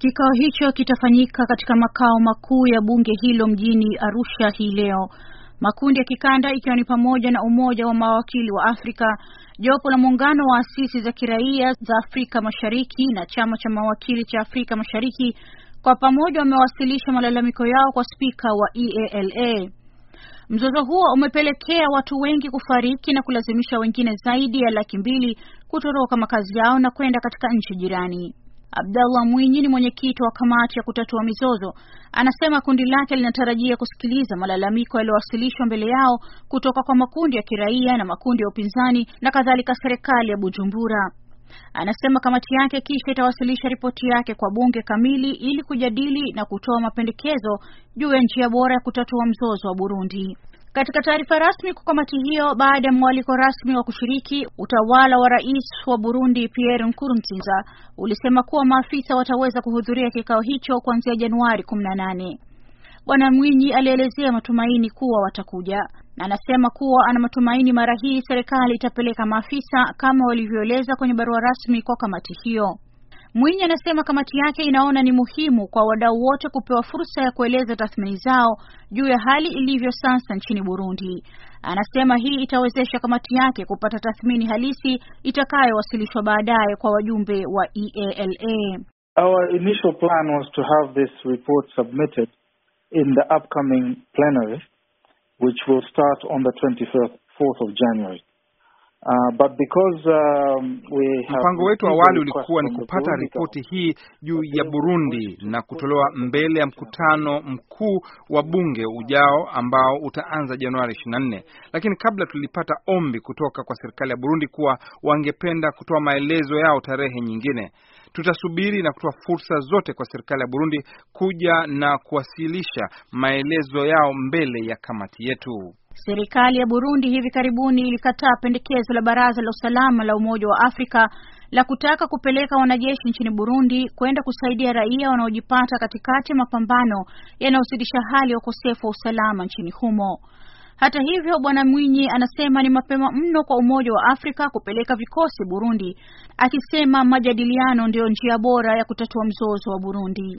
Kikao hicho kitafanyika katika makao makuu ya bunge hilo mjini Arusha hii leo. Makundi ya kikanda ikiwa ni pamoja na Umoja wa Mawakili wa Afrika, jopo la muungano wa asisi za kiraia za Afrika Mashariki na chama cha mawakili cha Afrika Mashariki kwa pamoja wamewasilisha malalamiko yao kwa spika wa EALA. Mzozo huo umepelekea watu wengi kufariki na kulazimisha wengine zaidi ya laki mbili kutoroka makazi yao na kwenda katika nchi jirani. Abdallah Mwinyi ni mwenyekiti wa kamati ya kutatua mizozo. Anasema kundi lake linatarajia kusikiliza malalamiko yaliyowasilishwa mbele yao kutoka kwa makundi ya kiraia na makundi ya upinzani na kadhalika serikali ya Bujumbura. Anasema kamati yake kisha itawasilisha ripoti yake kwa bunge kamili ili kujadili na kutoa mapendekezo juu ya njia bora ya kutatua mzozo wa Burundi. Katika taarifa rasmi kwa kamati hiyo baada ya mwaliko rasmi wa kushiriki, utawala wa Rais wa Burundi Pierre Nkurunziza ulisema kuwa maafisa wataweza kuhudhuria kikao hicho kuanzia Januari kumi na nane. Bwana Mwinyi alielezea matumaini kuwa watakuja na anasema kuwa ana matumaini mara hii serikali itapeleka maafisa kama walivyoeleza kwenye barua rasmi kwa kamati hiyo. Mwinyi anasema kamati yake inaona ni muhimu kwa wadau wote kupewa fursa ya kueleza tathmini zao juu ya hali ilivyo sasa nchini Burundi. Anasema hii itawezesha kamati yake kupata tathmini halisi itakayowasilishwa baadaye kwa wajumbe wa EALA. Our initial plan was to have this report submitted in the upcoming plenary which will start on the 24th of January. Uh, um, mpango wetu awali ulikuwa ni kupata ripoti hii juu ya uh, Burundi na kutolewa mbele ya mkutano mkuu wa bunge ujao ambao utaanza Januari 24, lakini kabla tulipata ombi kutoka kwa serikali ya Burundi kuwa wangependa kutoa maelezo yao tarehe nyingine. Tutasubiri na kutoa fursa zote kwa serikali ya Burundi kuja na kuwasilisha maelezo yao mbele ya kamati yetu. Serikali ya Burundi hivi karibuni ilikataa pendekezo la Baraza la Usalama la Umoja wa Afrika la kutaka kupeleka wanajeshi nchini Burundi kwenda kusaidia raia wanaojipata katikati ya mapambano yanayozidisha hali ya ukosefu wa usalama nchini humo. Hata hivyo, Bwana Mwinyi anasema ni mapema mno kwa Umoja wa Afrika kupeleka vikosi Burundi, akisema majadiliano ndiyo njia bora ya kutatua mzozo wa Burundi.